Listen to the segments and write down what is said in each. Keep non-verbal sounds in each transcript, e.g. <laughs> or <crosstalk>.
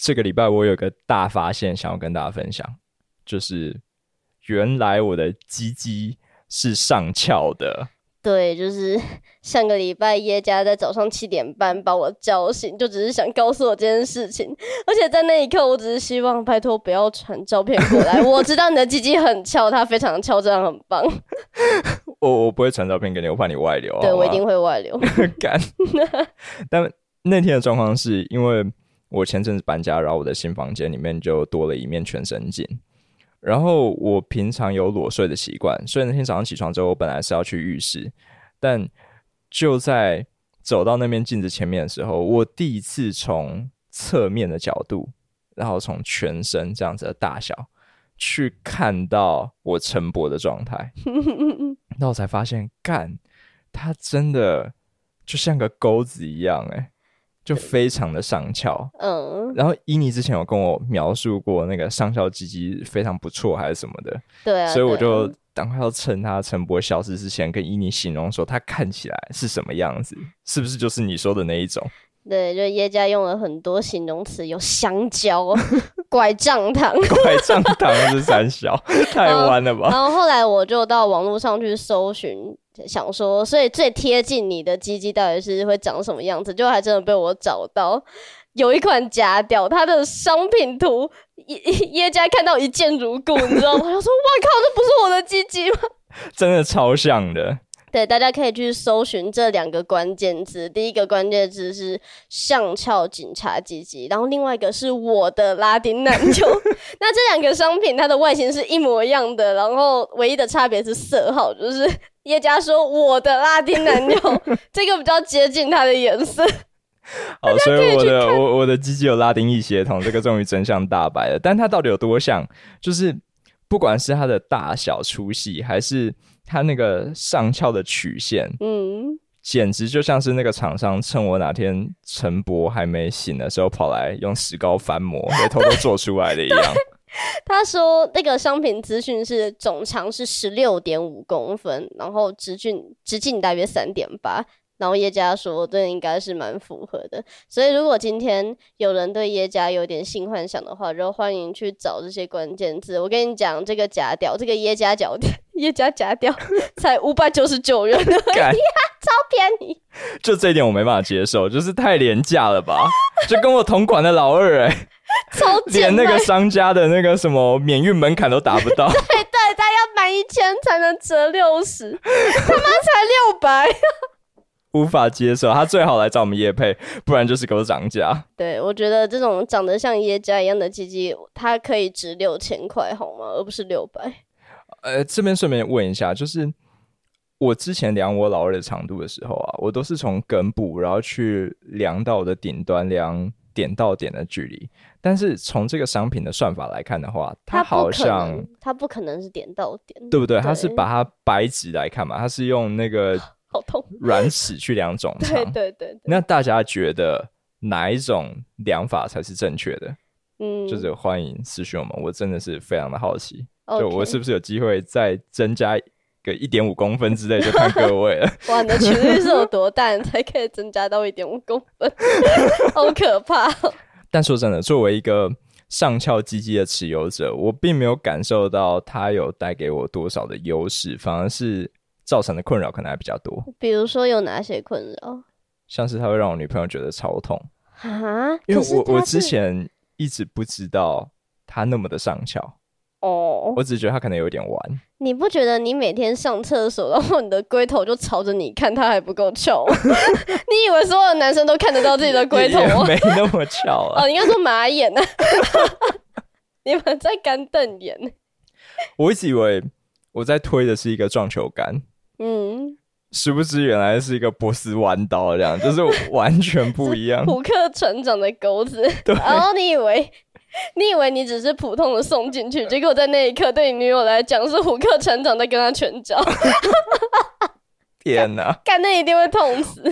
這個禮拜我有個大發現，想要跟大家分享，就是原來我的雞雞是上翹的。對，就是上個禮拜耶加在早上七點半把我叫醒，就只是想告訴我這件事情。而且在那一刻，我只是希望拜托不要傳照片過來。 <laughs> 我知道你的雞雞很翹，它非常翹，這樣很棒。我我不會傳照片給你，我怕你外流。對我一定會外流。幹？ <laughs> 但那天的狀況是因為。我前陣子搬家，然後我的新房間裡面就多了一面全身鏡。然後我平常有裸睡的習慣，所以那天早上起床之後，我本來是要去浴室，但就在走到那面鏡子前面的時候，我第一次從側面的角度，然後從全身這樣子的大小去看到我晨勃的狀態，然 <laughs> 後我才發現，幹，它真的就像個鈎子一樣、欸，就非常的上翹，嗯，然後伊妮之前有跟我描述過那個上翹唧唧非常不錯，還是什麼的，對啊，所以我就趕快要趁他陳伯消失之前，跟伊妮形容說他看起來是什麼樣子，是不是就是你說的那一種？對，就耶加用了很多形容詞，有香蕉、 <laughs> 拐杖糖。 <laughs> 拐杖糖是三小 <laughs> 太彎了吧然？然後後來我就到網絡上去搜尋。想說，所以最貼近你的雞雞到底是會長什麼樣子？結果還真的被我找到，有一款假屌，它的商品圖，耶耶家看到一見如故，你知道嗎？他 <laughs> 說：“哇靠，這不是我的雞雞嗎？”真的超像的。對，大家可以去搜尋這兩個關鍵字，第一個關鍵字是“上翹警察雞雞”，然後另外一個是“我的拉丁男友。” <laughs> <laughs> 那這兩個商品，它的外形是一模一樣的，然後唯一的差別是色號，就是。耶加說：“我的拉丁男友， <laughs> 這個比較接近他的顏色。好、哦，所以我的我我的 JJ 有拉丁裔血統，這個終於真相大白了。但他到底有多像？就是不管是他的大小粗細，還是他那個上翹的曲線，嗯，簡直就像是那個廠商趁我哪天晨勃還沒醒的時候，跑來用石膏翻模， <laughs> 偷偷做出來的一樣。 <laughs> ”他說那個商品資訊是總長是十六點五公分，然後直徑直徑大約三點八，然後耶加說這應該是蠻符合的。所以如果今天有人對耶加有點性幻想的話，就歡迎去找這些關鍵字。我跟你講這個假屌，這個家假腳耶加假屌才五百九十九元，超便宜。就這一點我沒辦法接受，就是太廉價了吧？就跟我同款的老二哎、欸。 <laughs> 連那個商家的那個什麼免運門檻都達不到 <laughs> 對對，他要滿一千才能折六十，他媽才六百，無法接受。他最好來找我們業配，不然就是給我漲價。對，我覺得這種長得像耶加一樣的唧唧，它可以值六千塊好嗎？而不是六百。呃，這邊順便問一下，就是我之前量我老二的長度的時候啊，我都是從根部然後去量到我的頂端量。點到點的距離，但是從這個商品的算法來看的話，它，它好像它不可能是點到點，對不對？對，它是把它擺直來看嘛，它是用那個好痛軟尺去量總長， <laughs> 對、對、對對對。那大家覺得哪一種量法才是正確的？嗯，就是歡迎私訊我們，我真的是非常的好奇，okay、就我是不是有機會再增加？個一點五公分之類，就看各位了。 <laughs> 哇，你的頻率是有多大？ <laughs> 才可以增加到一點五公分？ <laughs> 好可怕哦！但說真的，作為一個上翹雞雞的持有者，我並沒有感受到它有帶給我多少的優勢，反而是造成的困擾可能還比較多。比如說有哪些困擾？像是它會讓我女朋友覺得超痛啊！因為我我之前一直不知道它那麼的上翹。哦、oh,，我只是覺得他可能有點彎。你不覺得你每天上廁所，然後你的龜頭就朝着你看，他還不夠翹？ <laughs> <laughs> 你以為所有的男生都看得到自己的龜頭嗎？也也沒那麼翹啊！ <laughs> 哦，應該說馬眼呢、啊。 <laughs> 你們在乾瞪眼？ <laughs> 我一直以為我在推的是一個撞球桿，嗯，殊不知原來是一個波斯彎刀，這樣就是完全不一樣。胡 <laughs> 克船長的鈎子，對，然後你以為。你以為你只是普通的送進去，結果在那一刻對你女友來講是虎克船長在跟他拳腳。 <laughs> <laughs> 天哪！看那一定會痛死。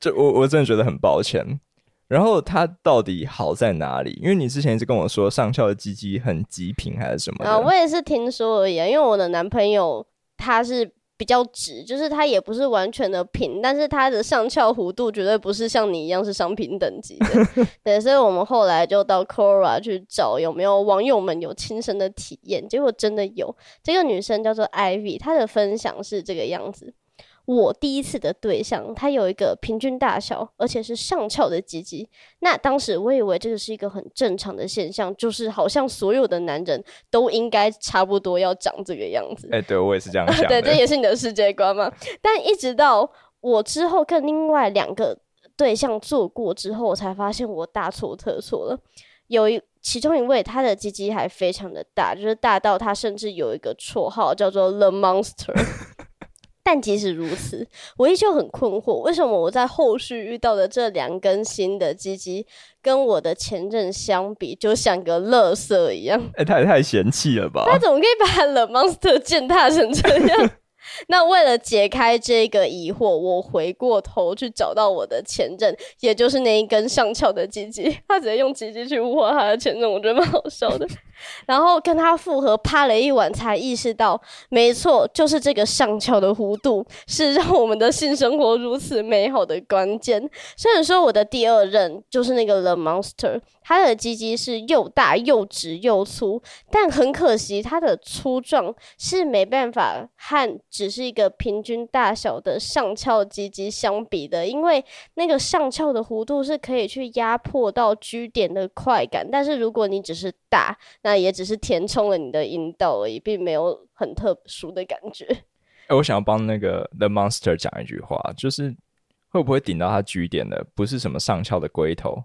就我我真的覺得很抱歉。然後他到底好在哪裡？因為你之前一直跟我說上翹的雞雞很極品，還是什麼？啊，我也是聽說而已啊，因為我的男朋友他是。比較直，就是它也不是完全的平，但是它的上翹弧度絕對不是像你一樣是商品等級的， <laughs> 對。所以我們後來就到 Quora 去找有沒有網友們有親身的體驗，結果真的有，這個女生叫做 Ivy，她的分享是這個樣子。我第一次的對象，他有一個平均大小，而且是上翹的雞雞。那當時我以為這個是一個很正常的現象，就是好像所有的男人都應該差不多要長這個樣子。誒、欸，對我也是這樣想的。啊、對，這也是你的世界觀嘛。 <laughs> 但一直到我之後跟另外兩個對象做過之後，我才發現我大錯特錯了。有一其中一位，他的雞雞還非常的大，就是大到他甚至有一個綽號叫做 The Monster。 <laughs> 但即使如此，我依舊很困惑，為什麼我在後續遇到的這兩根新的雞雞跟我的前任相比，就像個樂色一樣？哎、欸，他也太嫌棄了吧！他怎麼可以把 the monster 踐踏成這樣？ <laughs> 那為了解開這個疑惑，我回過頭去找到我的前任，也就是那一根上翹的雞雞。他直接用雞雞去物化他的前任，我覺得蠻好笑的。 <laughs> 然後跟他復合，趴了一晚，才意識到，沒錯，就是這個上翹的弧度，是讓我們的性生活如此美好的關鍵。雖然說我的第二任就是那個 The Monster，他的雞雞是又大又直又粗，但很可惜，他的粗壯是沒辦法和只是一個平均大小的上翹雞雞相比的，因為那個上翹的弧度是可以去壓迫到 G 點的快感，但是如果你只是。那也只是填充了你的陰道而已，並沒有很特殊的感覺。哎、欸，我想要幫那個 The Monster 講一句話，就是會不會頂到他 G 點的？不是什麼上翹的龜頭，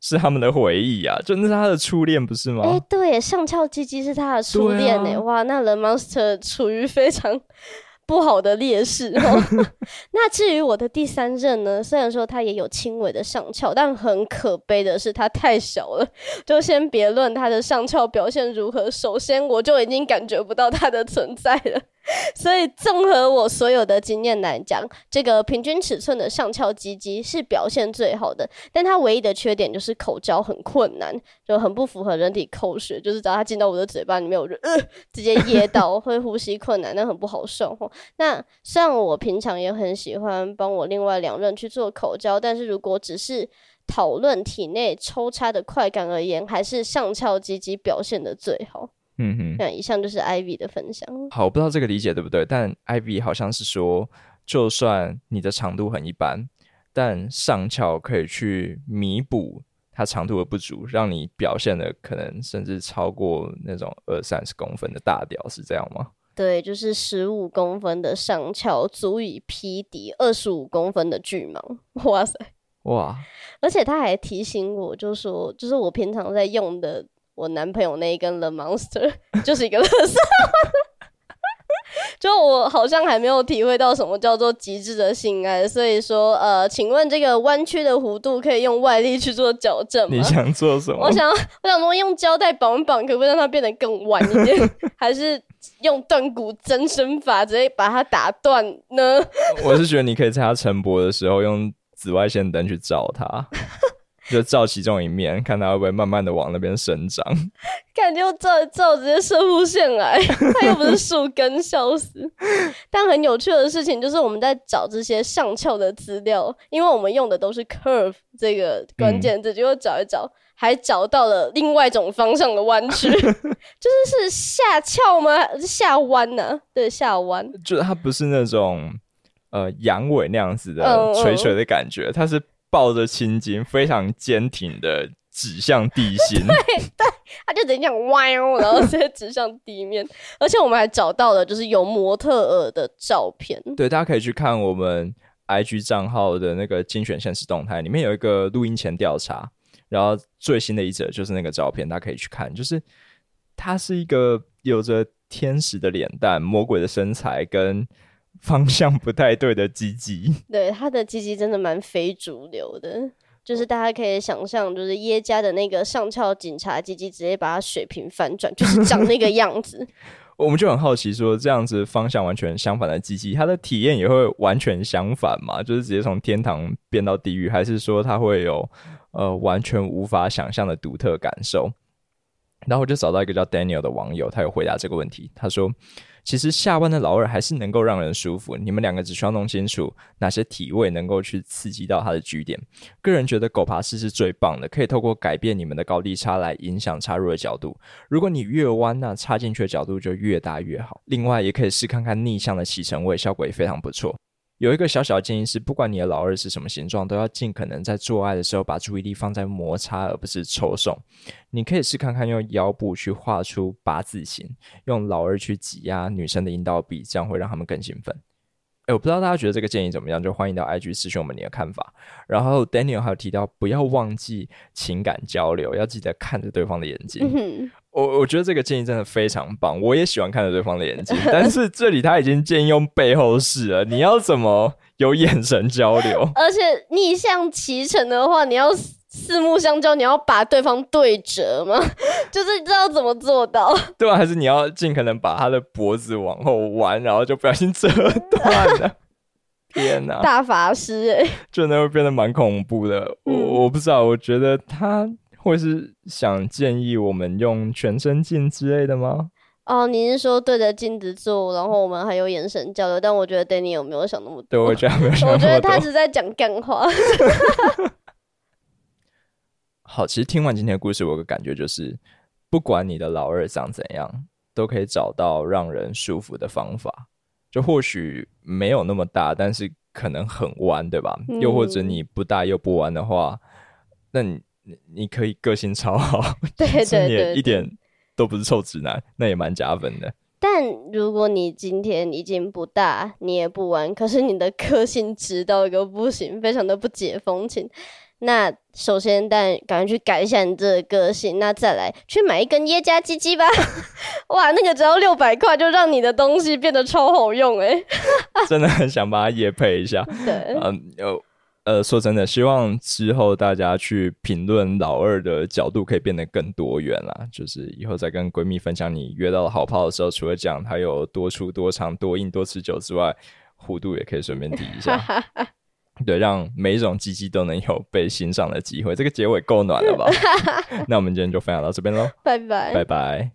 是他們的回憶啊！就是那他的初戀，不是嗎？哎、欸，對，上翹唧唧是他的初戀的、啊、哇，那 The Monster 處於非常。 <laughs> 不好的劣勢哦。 <laughs> <laughs> 那至於我的第三任呢？雖然說他也有輕微的上翹，但很可悲的是他太小了。就先別論他的上翹表現如何，首先我就已經感覺不到他的存在了。 <laughs> 所以綜合我所有的經驗來講，這個平均尺寸的上翹唧唧是表現最好的，但它唯一的缺點就是口交很困難，就很不符合人體工學，就是只要它進到我的嘴巴裡面，我就、呃、直接噎到， <laughs> 會呼吸困難，那很不好受。那像我平常也很喜歡幫我另外兩任去做口交，但是如果只是討論體內抽插的快感而言，還是上翹唧唧表現的最好。嗯哼，那以上就是 Ivy 的分享。好，我不知道這個理解對不對，但 Ivy 好像是說，就算你的長度很一般，但上翹可以去彌補它長度的不足，讓你表現的可能甚至超過那種二三十公分的大屌，是這樣嗎？對，就是十五公分的上翹足以匹敵二十五公分的巨蟒。哇塞！哇！而且他還提醒我，就說，就是我平常在用的。我男朋友那一根 The Monster 就是一個樂色。 <laughs> 就我好像還沒有體會到什麼叫做極致的性愛，所以說呃，請問這個彎曲的弧度可以用外力去做矯正嗎？你想做什麼？我想我想用膠帶綁、綁綁，可不可以讓它變得更彎一點？ <laughs> 還是用斷骨增生法直接把它打斷呢？ <laughs> 我是覺得你可以在他晨勃的時候用紫外線燈去照它。 <laughs> 就照其中一面，看它會不會慢慢的往那邊生長。感覺我照一照，照直接射入線來，它又不是樹根笑死。 <laughs> 但很有趣的事情就是，我們在找這些上翹的資料，因為我們用的都是 curve 這個關鍵字，嗯，結果找一找，還找到了另外一種方向的彎曲， <laughs> <laughs> 就是是下翹嗎？還是下彎呢、啊？對，下彎。就是它不是那種呃陽痿那樣子的嗯嗯垂垂的感覺，它是。抱着青筋，非常堅挺的指向地心，對對，他就等於這樣歪哦，然後直接指向地面，而且我們還找到了就是有模特兒的照片，對，大家可以去看我們 I G 賬號的那個精選限時動態，裡面有一個錄音前調查，然後最新的一則就是那個照片，大家可以去看，就是他是一個有着天使的臉蛋、魔鬼的身材跟方向不太對的雞雞對他的雞雞真的蠻非主流的，就是大家可以想象，就是耶加的那個上翹警察雞雞，直接把它水平翻轉，就是長那個樣子。 <laughs> 我們就很好奇，說這樣子方向完全相反的雞雞，他的體驗也會完全相反嘛？就是直接從天堂變到地獄，還是說他會有呃完全無法想象的獨特感受？然後我就找到一個叫 Daniel 的網友，他有回答這個問題，他說。其實下彎的老二還是能夠讓人舒服，你們兩個只需要弄清楚哪些體位能夠去刺激到他的 G 點。個人覺得狗爬式是最棒的，可以透過改變你們的高低差來影響插入的角度。如果你越彎，那插進去的角度就越大越好。另外，也可以試看看逆向的騎乘位，效果也非常不錯。有一個小小的建議是，不管你的老二是什麼形狀，都要盡可能在做愛的時候把注意力放在摩擦，而不是抽送。你可以試看看用腰部去畫出八字形，用老二去擠壓女生的陰道壁，這樣會讓他們更興奮。誒，我不知道大家覺得這個建議怎麼樣，就歡迎到 IG 私訊我們你的看法。然後 Daniel 還有提到，不要忘記情感交流，要記得看着對方的眼睛。嗯我我覺得這個建議真的非常棒，我也喜歡看着對方的眼睛， <laughs> 但是這裡他已經建議用背後式了，你要怎麼有眼神交流？而且逆向騎乘的話，你要四目相交，你要把對方對折嗎？ <laughs> 就是你知道怎麼做到？對啊，還是你要儘可能把他的脖子往後彎，然後就不小心折斷了。 <laughs> 天哪、啊，大法師、欸，就那會變得蠻恐怖的。嗯、我我不知道，我覺得他。或是想建議我們用全身鏡之類的嗎？哦，你是說對着鏡子做，然後我們還有眼神交流？但我覺得 Danny 有沒有想那麼多？對， <laughs> 我覺得沒有想那麼多。我覺得他是在講幹話。好，其實聽完今天的故事，我有個感覺，就是不管你的老二長怎樣，都可以找到讓人舒服的方法。就或許沒有那麼大，但是可能很彎，對吧，嗯？又或者你不大又不彎的話，那你。你可以個性超好，對真的也一點都不是臭直男，那也蠻加分的。但如果你今天已經不大，你也不玩，可是你的個性直到一個不行，非常的不解風情，那首先但趕緊去改一下你這個,個性，那再來去買一根椰加雞雞吧， <laughs> 哇，那個只要六百塊就讓你的東西變得超好用哎、欸， <laughs> 真的很想把它業配一下，對嗯、呃呃，說真的，希望之後大家去評論老二的角度可以變得更多元啦，就是以後再跟閨蜜分享你約到好炮的時候，除了講它有多粗、多長、多硬、多持久之外，弧度也可以順便提一下。 <laughs> 對，讓每一種雞雞都能有被欣賞的機會。這個結尾夠暖了吧？ <laughs> <laughs> 那我們今天就分享到這邊嘍，拜拜，拜拜。